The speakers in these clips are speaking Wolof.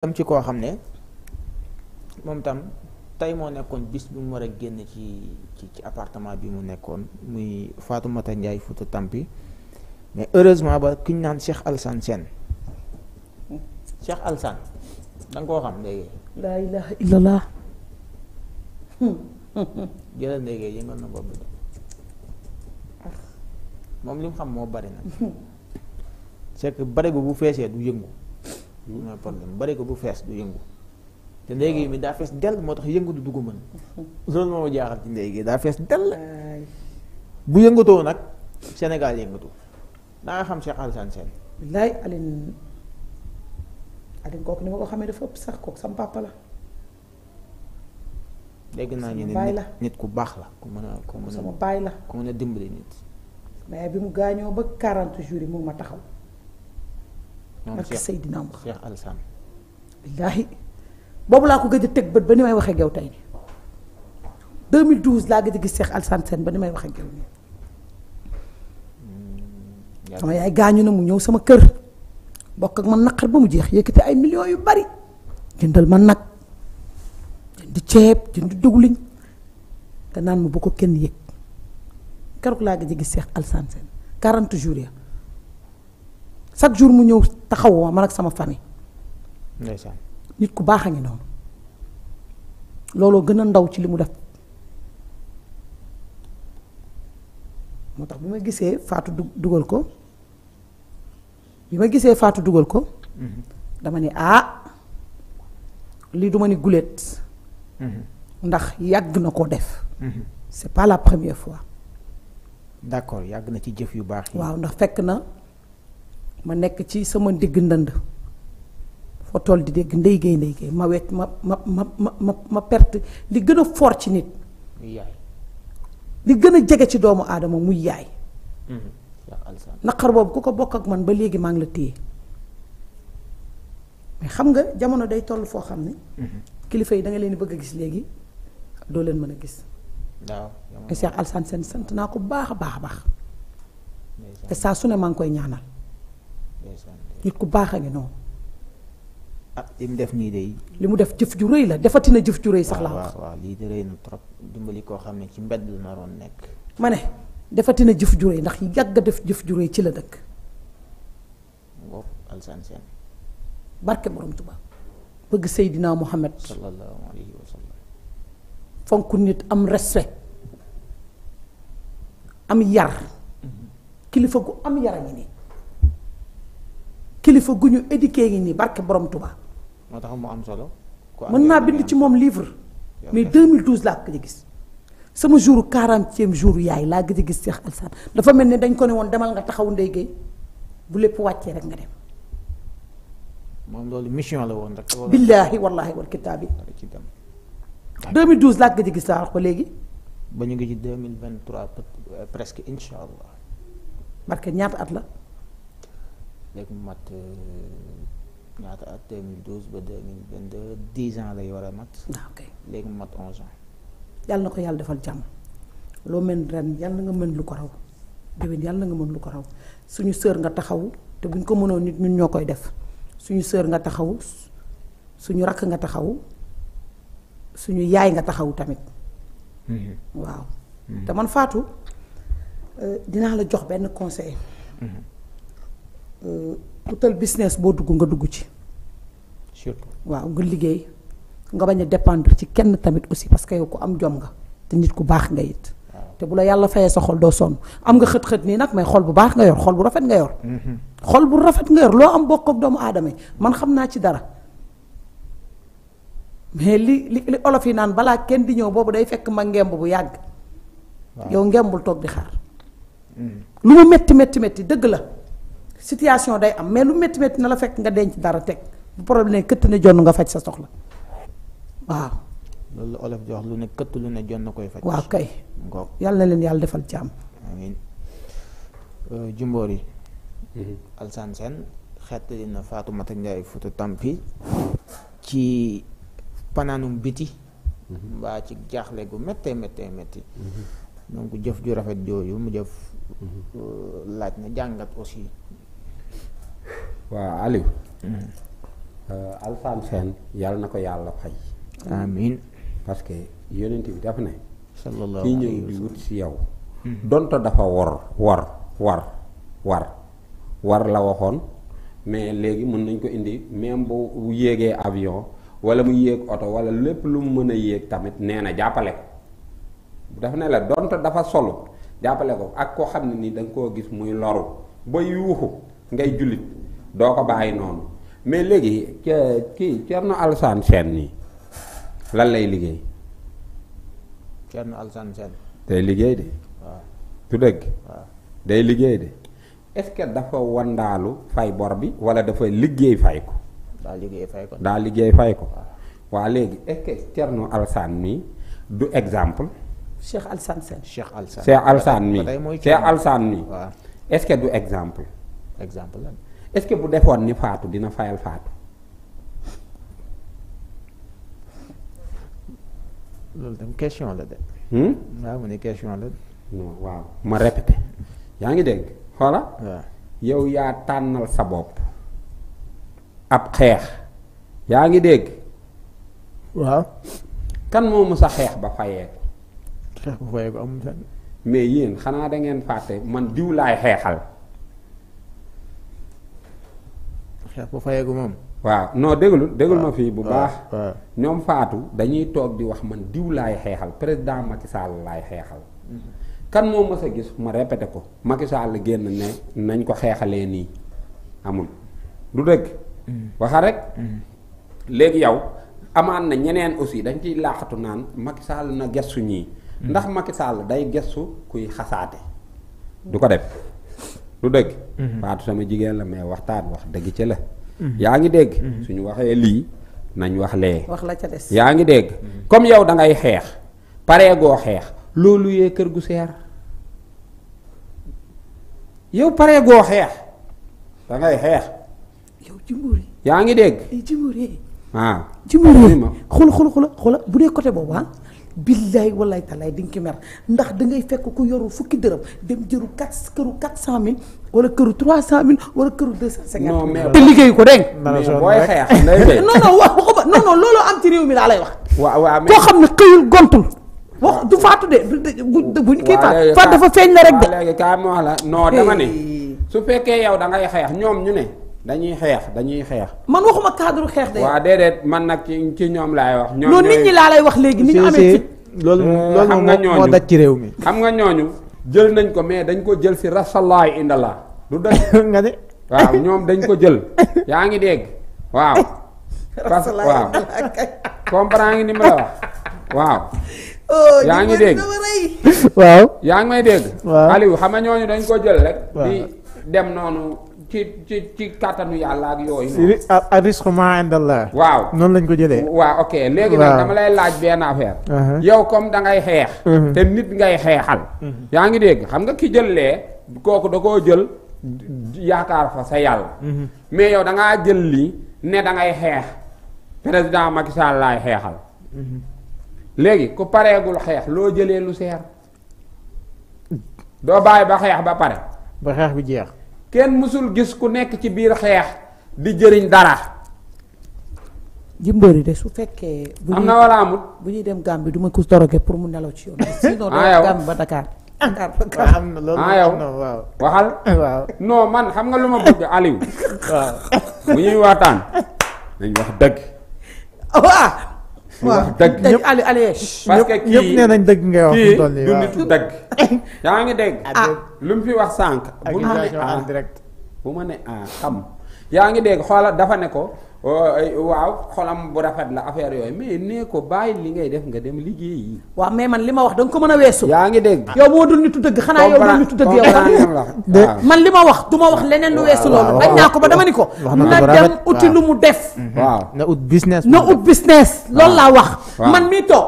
tam ci ko xam ne moom tam tey moo nekkoon bis bi mu war a génn ci ci ci appartement bi mu nekkoon muy Fatoumata Ndiaye Fouta Tampi mais heureusement ba ki ñu naan Cheikh Alassane Sène Cheikh Alassane da nga koo xam léegi. laa ilaha ah. moom li xam moo bari nag c'est que bari bu bu feesee du yëngu. Hmm? mooy problème bari ko bu fees du yëngu. te ndéyge mi daa fees dell moo tax yëngu du ko mën. loolu moo jaaxal ci ndéyge daa fees dell. bu yëngatoo nag Sénégal yëngatu da nga xam Cheikh Alassane Sène. billaay Aline Aline ëpp sax kooku sam papa la. dégg naa ñu ne nit ku baax la ku mën a ku mën a. sama baay la ku mën a dimbali nit. mais bi mu gaañoo ba 40 jour yi mu ma taxaw. barke Seydina Muhammad Cheikh Alassane billaahi boobu laa ko gëj a teg bët ba ni may waxee gew tey nii laa gi a gis Cheikh Alassane Sène ba ni may waxee gew nii mm, sama yaay gaañu na mu ñëw sama kër bokk ak man naqar ba mu jeex yëkkati ay million yu bari jëndal ma nag jënd ceeb jënd dugliñ te naan ma bu ko kenn yëg keroog laa gëj a gis Cheikh Alassane quarante 40 ya chaque jour mu ñëw taxawoo ma ak sama famille. ndeysaan nit ku baax a ngi noonu. looloo gën a ndaw ci li mu def moo tax bi ma gisee Fatou du dugal ko bi ma gisee Fatou dugal ko. Mm-hmm. dama ne ah lii duma ni guléet. Mm-hmm. ndax yàgg na ko def. Mm-hmm. c'est pas la première fois. d'accord yàgg na ci jëf yu baax yi. waaw ndax fekk na. ma nekk ci sama ndigg ndënd foo toll di dégg ndey géey ma wecc ma ma ma ma ma perte li gën a for ci nit li gën a jege ci doomu aadama muy yaay mm-hmm. naqar boobu ku ko bokk ak man ba léegi maa ngi la téye mais xam nga jamono day toll foo xam ne mm-hmm. kilifa yi da leen bëgg a gis léegi doo leen mën a gis waaw Cheikh Alassane sant naa ko baax a baax a baax te saa su ne maa ngi koy ñaanal nit ku baax a ngi noonu. ah li mu def nii de. li mu def jëf ju rëy la defatina jëf ju rëy sax la. waaw waaw lii de rëy na trop dimbali koo xam ne ci mbedd la naroon nekk. ma ne defatina jëf ju rëy ndax yàgg def jëf ju rëy ci la dëkk. ngoog Alassane Sène. barke borom Tuubaa bëgg Seydina Muhammad. sallallahu alayhi wa sallam. fonk nit am respect am yar. Mhm. kilifa gu am yar ngi nii. kilifa gu ñu éduqué yi nii barke borom Touba. moo tax mu am solo. mën naa bind ci moom livre. mais 2012 laa ko gis. sama jour quarantième jour yaay laa gëj a gis Cheikh Alassane dafa mel ni dañ ko ne woon demal nga taxaw Ndeye bu lépp wàccee rek nga dem. moom loolu mission la woon rek. billaahi wallaahi wal kitaabi. 2012 laa gëj a gis laa ko léegi. ba ñu ngi ci 2023 presque incha allah. barke ñaata at la. léegi mu mat euh, ñaata at 2012 ba 2022 10 ans lay war a mat. Ah, ok léegi mu mat 11 ans. na ko yàlla defal jàmm loo mel ren yàlla nga mën lu ko raw déwén yàlla nga mën lu ko raw suñu sœur nga taxaw te buñ ko mënoo nit ñun ñoo koy def suñu sœur nga taxaw suñu rakk nga taxaw suñu yaay nga taxaw tamit. Mhm. waaw. Mhm. te man Fatou euh, dinaa la jox benn conseil. Mhm. utal euh, business boo dugg nga dugg ci. surtout waaw nga liggéey nga bañ a dépendre ci kenn tamit aussi parce que yow ku am jom nga te nit ku baax nga it. te bu la yàlla fayee sa xol doo sonn am nga xët-xët nii nag mais xol bu baax nga yor xol bu rafet nga yor. Mm-hmm. xol bu rafet nga yor loo am bokk ak doomu aadama yi man xam naa ci dara. mais li li olof yi naan balaa kenn bi ñëw boobu day fekk ma ngemb bu yàgg. yow ngembul toog di xaar. Mm. lu mu metti metti metti dëgg la. situation day am mais lu métti métti na la fekk nga denc dara teg bu problème këtt ne jonn nga faj sa soxla waaw. loolu olof di wax lu ne këtt lu ne jonn koy faj. waaw kay. yàlla na leen yàlla defal jàmm. amiin euh, jumboor yi. Mhm. Alsaan Seen xettali na Fatoumata Ndiaye Fouta Tampi ci panaanum biti. Mhm. mbaa ci jaaxle gu méttee méttee métti. Mhm. donc jëf ju rafet jooju mu jëf. Euh, laaj na jàngat aussi waa Aliou. Mm. Euh, Alsaan Seen yàlla na ko yàlla fay. amiin parce que yonent bi dafa ne. sallallahu ñëw di wut si yow. Mm. dont dafa war wor war war war la waxoon mais léegi mën nañ ko indi même bu yéegee avion wala mu yéeg oto wala lépp lu mu mën a yéeg tamit nee na jàppale ko dafa ne la donto dafa solu jàppale ko ak koo xam ne nii da nga koo gis muy loru ba yuuxu ngay jullit. doo ko bàyyi noonu mais léegi kii Thierno Alassane Sène nii lan lay liggéey. Thierno Alassane day liggéey de. waaw dëgg. day liggéey de est-ce que dafa wandaalu fay bor bi wala dafa liggéey fay ko. daa liggéey fay ko daa liggéey fay waa léegi est-ce que Thierno du exemple. Cheikh Alassane Sène. Cheikh Alassane Cheikh Alassane mii Cheikh Alassane mii est du exemple. exemple lan. est-ce que bu defoon ni faatu dina fayal faatu. loolu tam question la de. Hmm? waaw waaw ma répété. yaa ngi dégg xoola. waaw yow yaa tànnal sa bopp. ab xeex. yaa ngi dégg. waaw. kan moo mës xeex ba fayee ko. xeex ba fayee ko amul mais yéen xanaa dangeen ngeen man diw laay xeexal. bu fayeegu moom. waaw noo déglu déglu ma fii bu baax. ñoom faatu dañuy toog di wax man diw laay xeexal président Macky Sall laay xeexal. Mm-hmm. kan moo mës a gis ma répété ko Macky Sall génn ne nañ ko xeexalee nii amul du dëgg. Mm-hmm. waxa rek. Mm-hmm. léegi yow amaan na ñeneen aussi dañ ciy laaxatu naan Macky Sall na gestu ñii. ndax Macky Sall day gestu kuy xasaate. du ko def. lu dëgg faatu mhm. sama jigéen la mais waxtaan wax dëgg ci la mhm. yaa ngi dégg mhm. suñu waxee lii nañu wax lee wax la ca des yaa ngi dégg comme yow da ngay xeex pare goo xeex loolu yee kër gu seer yow pare goo xeex da ngay xeex yow jimbóor yi yaa ngi dégg eh, jimbóor yi waaw jimbóor yi xula xula xula xula bu dee côté boobu ah billaay wallaay talaay di nga ci mer ndax dangay fekk ku yoru fukki dërëm dem jëru quatre këru quatre cent mille wala këru trois cent mille wala këru deux cent cinquante mille te liggéeyu ko dégg non non wax waxuma non looloo am ci réew mi laa lay wax koo xam ne xëyul gontul wax du faatu de buñ kii faat faat dafa feeñ la rek de léegi kaa ma wax la non ne eh. su fekkee yow da ngay xeex ñoom ñu ne dañuy xeex dañuy xeex. man waxuma cadre xeex de. waaw déedéet man nag ci ci ñoom laay wax. ñoom ñooy nit ñi laa lay wax léegi. ni ñu amee fit loolu euh, loolu moom moo daj ci réew mi. xam nga ñooñu jël nañ ko mais dañ ko jël si rasalaay indala. du daj nga ne. waaw ñoom dañ ko jël. yaa ngi dégg waaw. parce que ngi ni ma la wax waaw. Oh, yaa ngi dégg waaw. yaa ngi may dégg. waaw Aliou xam nga ñooñu dañ ko jël rek. di dem noonu. ci ci ci kàttanu yàlla ak yooyu. si waaw noonu lañ ko jëlee. waa ok léegi nag dama lay laaj benn affaire. Uh-huh. yow comme dangay xeex. Uh-huh. te nit ngay xeexal. Uh-huh. yaa ngi dégg xam nga ki jël kooku da koo jël yaakaar fa sa yàlla. mais yow da ngaa jël lii ne da ngay xeex président Macky Sall laay xeexal. léegi ku pareegul xeex loo jëlee lu seer. doo bàyyi ba xeex ba pare. ba xeex bi jeex. kenn mësul gis ku nekk ci biir xeex di jëriñ dara. yi de su fekkee. am na wala amut bu ñuy dem Gambie du ma ko toroge pour mu nelaw ci yoon. sinon ah, Gambie ba Dakar. Ah, am na ah, waxal. waaw man xam nga lu ma bëgg Aliou. waaw bu ñuy waxtaan. dañ wax dëgg. waaw dagg ñëpp ali ali parce que kii dëgg ngay wax mu toll nii dagg yaa ngi dégg ah, ah. lu mu fi wax sànq ah, bu ma ne ah bu ma xam yaa ngi dégg xoola dafa ne ko waaw xolam bu rafet la affaire yooyu mais nee ko bàyyi li ngay def nga dem liggéey yi waaw mais man li ma wax da nga ko mën a weesu yaa ngi dégg boo dul dëgg xanaa yow man li ma wax du ma wax leneen lu weesu loolu bañ naa ko ba dama ni ko na lu mu def mhm. waaw na business na ut business loolu laa wax man mii toog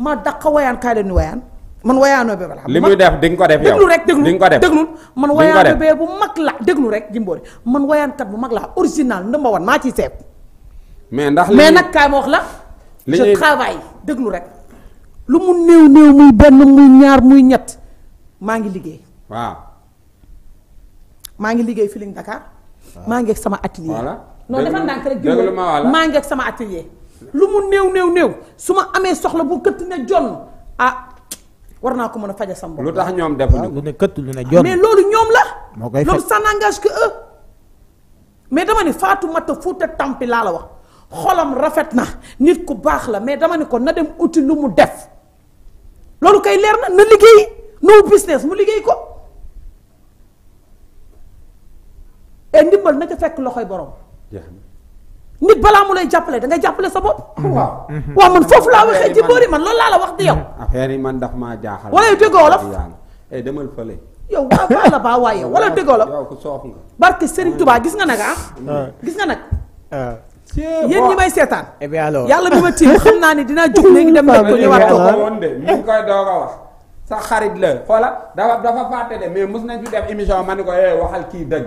ma daq wayaan kaay leen ni wayaan man wayaanoo bee balaa li muy def di nga ko def yow déglu rek déglu di nga ko def déglul man wayaanoo bee bu mag la déglu rek jimboori man wayaankat bu mag la original ndëmba wan maa ciy seeb mais ndax mais nag kaay ma la. je travaille déglu rek. lu mu néew néew muy benn muy ñaar muy ñett maa ngi liggéey. waaw. maa ngi liggéey Feeling Dakar. maa ngi ak sama atelier. voilà non dafa ndànk rek jël lu mu néew néew new su ma amee soxla bu këtt ne jonn ah war naa ko mën a faj sama bopp. lu tax ñoom defuñu lu ne këtt mais loolu ñoom la. moo koy fekk loolu ça n'engage que eux mais dama ni Fatoumata Fouta Tampi laa la wax. xolam rafet na nit ku baax la mais dama ne ko na dem uti lu mu def loolu kay leer na na liggéey no business mu liggéey ko et ndimbal na ca fekk loxoy borom. nit balaa mu lay jàppale da nga jàppale sa bopp. Mm-hmm. waaw mm-hmm. waaw man foofu laa waxee ci boori man loolu laa la wax di yow. Mm-hmm. affaire yi man daf maa jaaxal. wala déggoo la eh demal yow waa baa la baa waaye wala déggoo la. yow ku soof nga. gis nga nag ah. gis nga nag. Ah. yéen ñi may seetaan. Eh yàlla bi ma tiim xam naa ni dinaa jóg léegi dem nekk ko ñëwaat ko. wax. sa xarit la xoola dafa dafa fàtte de mais mos nañ fi def émission ma ni ko eh waxal kii dëgg.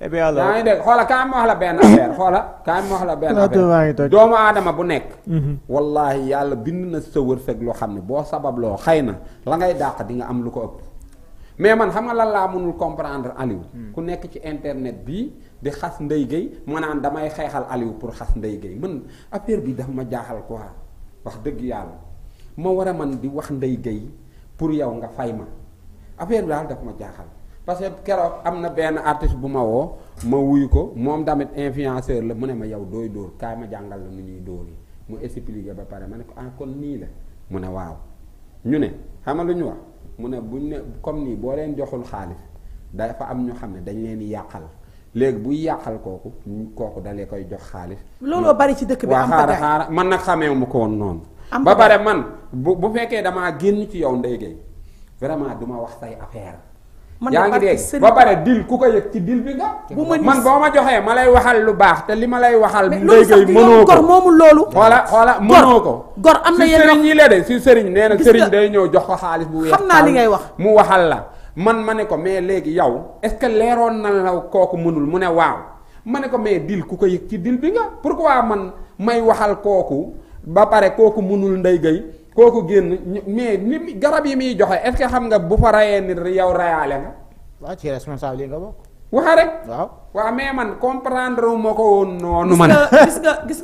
et eh ngi dégg xoola kaay ma wax la benn affaire xoola kaay ma wax la benn affaire doomu aadama bu nekk. Mhm. wallahi yàlla bind na sa wërsëg loo xam ne boo sababloo xëy na la ngay dàq di nga am lu ko ëpp. mais man xam nga lan laa mënul comprendre Aliou. Hmm. ku nekk ci internet bi di xas Ndeye Gueye ma naan damay xeexal Aliou pour xas nday Gueye man affaire bi dafa ma jaaxal quoi wax dëgg yàlla ma war a man di wax nday Gueye pour yow nga fay ma affaire bi daal dafa ma jaaxal parce que keroog am na benn artiste bu ma woo ma wuyu ko moom tamit influenceur la mu ne ma yow dooy dóor kaay ma jàngal la nu ñuy dóor yi mu expliqué ba pare ma ne ko ah kon nii la mu ne waaw ñu ne xam nga mu ne buñ ne comme nii boo leen joxul xaalis dafa am ñu xam ne dañ leen di yàqal léegi buy yàqal kooku kooku dalee koy jox xaalis. looloo bari ci dëkk bi am pagaay xaaral man nag xamee ma ko woon noonu. ba bare man bu bu fekkee damaa génn ci yow ndey gay vraiment duma wax say affaire. yaa ngi dégg ba pare dil ku ko yëg ci dil bi nga man boo ma joxee ma lay waxal lu baax te li ma lay waxal léegi mënoo ko gor moomul loolu xoola xoola mënoo ko gor am na yenn sëriñ yi la de si nee na sëriñ day ñëw jox ko xaalis bu weex naa li ngay wax mu waxal la man ma ne ko mais léegi yow est-ce que leeroon na la kooku mënul mu ne waaw ma ne ko mais dil ku ko yëg ci dil bi nga pour ko pourquoi man may waxal kooku ba pare kooku mënul ndey gay kooku génn mais ni garab yi muy joxe est xam nga bu fa rayee nit yow rayaale nga. waaw ci responsable yi nga bokk. waxa rek. waaw waaw mais man comprendre wu ma ko woon noonu. gis nga gis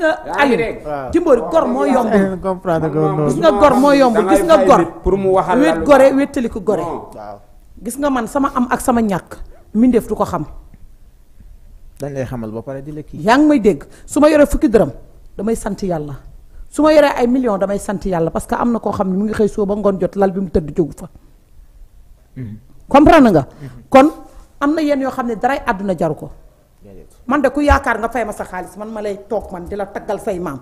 gor moo yombul. ko noonu gis nga gor moo pour mu waxal wét gore wétali ko gore. waaw gis nga man sama am ak sama ñàkk mbindeef du ko xam. dañ lay xamal ba pare di lekk yaa ngi may dégg su ma yore fukki dërëm damay sant yàlla. su ma yoree ay millions damay sant yàlla parce que am na koo xam ne mu ngi xëy soo ba ngoon jot lal bi mu tëdd jógu fa. Mm-hmm. comprendre nga. Mm-hmm. kon am na yenn yoo xam ne daray àdduna jaru ko. man de ku yaakaar nga fay ma sa xaalis man ma lay toog man di la taggal say maam.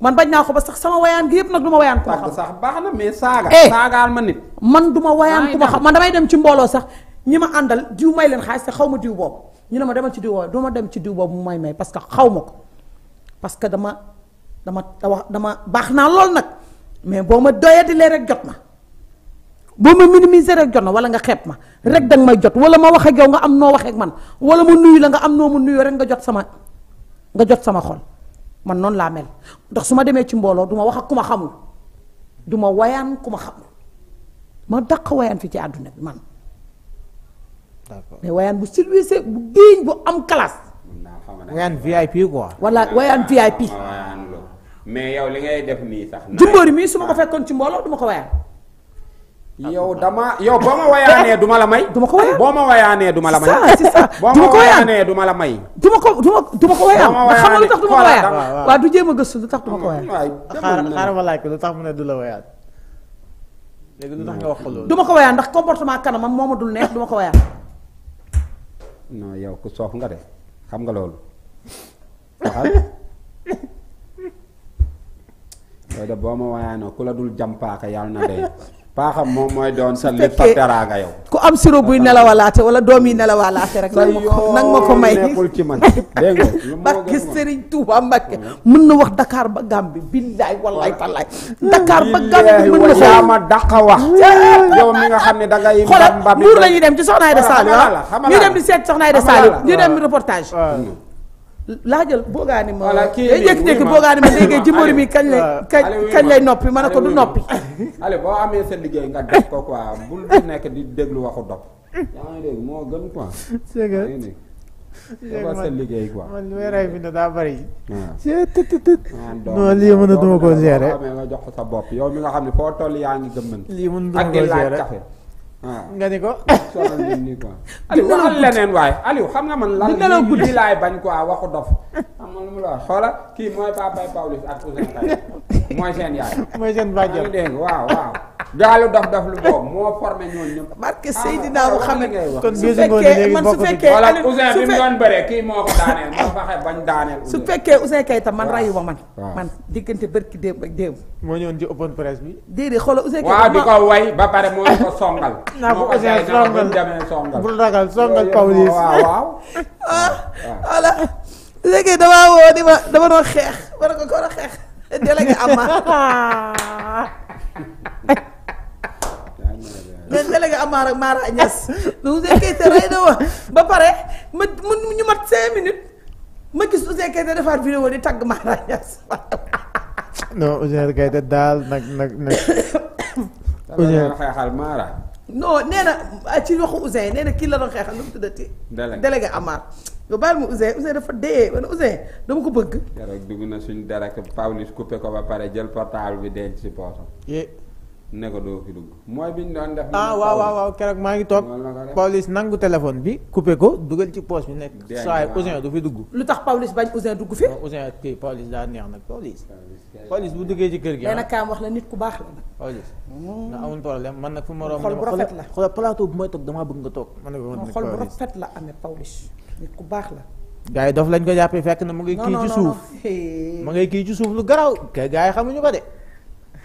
man bañ naa ko ba sax sama wayaan gi yëpp nag du ma wayaan ku ma xam sax baax na mais saaga eh! saagaal ma man du ma wayaan ku ma xam man damay dem ci mbooloo sax ñi ma àndal diw may leen xaalis te xaw ma diw boobu ñu ne ma demal ci diw boobu ma dem ci diw boobu mu may may parce que xaw ma ko dama dama baax naa lool nag mais boo ma doyadilee rek jot ma boo ma minimiser rek jot na wala nga xeeb ma rek danga may jot wala ma wax ak yow nga am noo waxee man wala ma nuyu la nga am noo ma nuyoo rek nga jot sama nga jot sama xol man noonu laa mel ndax su ma demee ci mbooloo duma wax ak ku ma xamul du ma wayaan ku ma xamul ma dàq wayaan fii ci àdduna bi man. d'accord mais wayaan bu silvisé bu diiñ bu am classe. wayaan VIP quoi. wayaan VIP. mais yow li ngay def nii sax. jumboori mii su ma ko ah. fekkoon ci mbooloo du ko wayaan. yow dama yow boo ma du ma la may. du ma ko wayaan boo ma wayaanee du la may. c'est ça du ma ko may. du ma ko du ma wayaan. ndax xam nga lu ma gëstu lu tax du la wayaan. léegi lu tax wax ko loolu. du ko wayaan ndax comportement kanamam moo ma dul neex du ko wayaan. non yow ku soof nga de xam nga loolu. yooyu boo ma wayaanoo ku la dul jam paaka yàlla na dee paaxam moom mooy doon sa lépp teraanga yow ku am siro buy nelawalaate wala doom yi nelawalaate rek nag ma ko may nekkul ci man dégg nga barke Serigne Touba Mbacké mën na wax Dakar ba Gambie billaay wallaay wallaay Dakar ba Gambie mën na ko yaama daqa wax yow mi nga xam ne da ngay xoolal mbuur ñuy dem ci Soxna Aïda Saliou ah. ñu dem di seet Soxna Aïda Saliou ñu dem reportage laajal boogaani ma. voilà kii day jékki-jékki boogaani ma léegi jimbori mi kañ lay. kañ noppi ma ne ko du noppi. allez boo amee sa liggéey nga def ko quoi nekk di déglu waxu dopp. moo gën quoi. c'est que liggéey quoi. man man weeraay bi ne daa bëri. waaw tët tët tët. non lii mën na duma ko gérer. nga jox ko sa bopp yow mi nga xam ne foo toll yaa ngi gëmmën. lii mën a duma ko gérer nga ni ko. soxal nañ waaye Aliou xam nga man. lan la guddi laay bañ quoi waxu dof. am kii mooy seen yaay. mooy seen bàjjen waaw gaalu dof dof lu boobu moo formé ñooñu ñëpp. barke ah, Seydina Muhammad kon su fekkee man su fekkee. Aliou su fekkee bi doon bëree kii moo ko daaneel moo fexe bañ daaneel. su fekkee Ouzin Keita man rayu ma man. man diggante bërki démb moo ñëwoon ci open press bi. déedéet xoolal Ouzin Keita waaw di ko way ba bul ragal songal Pawlish waaw waaw. Ah, voilà Ouzin damaa woo ma dama doon xeex war nga ko war a xeex délégué Ama. nga délégué Amar ak Mara Niass donc Ouzin Keita ba pare ma ma gis Ouzin Keita defaat vidéo di tagg Mara Niass non Ouzin Keita daal nag nag nag Ouzin xeexal Mara non nee ah, ci waxu usin nee kii la doon xeexal lu mu tuddati délégué Amar nga baal ma Ouzin Ouzin dafa dee wala Ouzin dama ko bëgg rek dugg na suñ dara Pawlish coupé ko ba pare jël portable bi denc ci poosam ne ko doo fi dugg mooy bi ñu daan def. ah waaw waaw waaw keroog maa bi. coupé ko dugal ci poche bi nekk. saa Ouzin du lu tax Pawlish bañ Ouzin dugg fi. waaw Ouzin kii Pawlish daa neex nag Pawlish. Ah. na kaam la nit ku baax la. Pawlish. na amul problème ma. xool bu rafet la xoolal bu may toog damaa bëgg nga toog. man nag man nag xool bu la amee Pawlish la. gars yi dof na mu ngay kii ci suuf ma ngay kii ci suuf lu garaw gars yi xamuñu ko de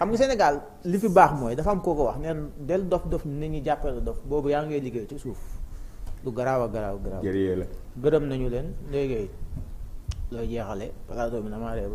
xam nga Sénégal li fi baax mooy dafa am koo ko wax neen del dof dof ni ñu jàppale dof boobu yaa ngay liggéey ci suuf lu garaaw a garaaw garaaw gërëm nañu leen léegi looy jeexale plateau bi damaa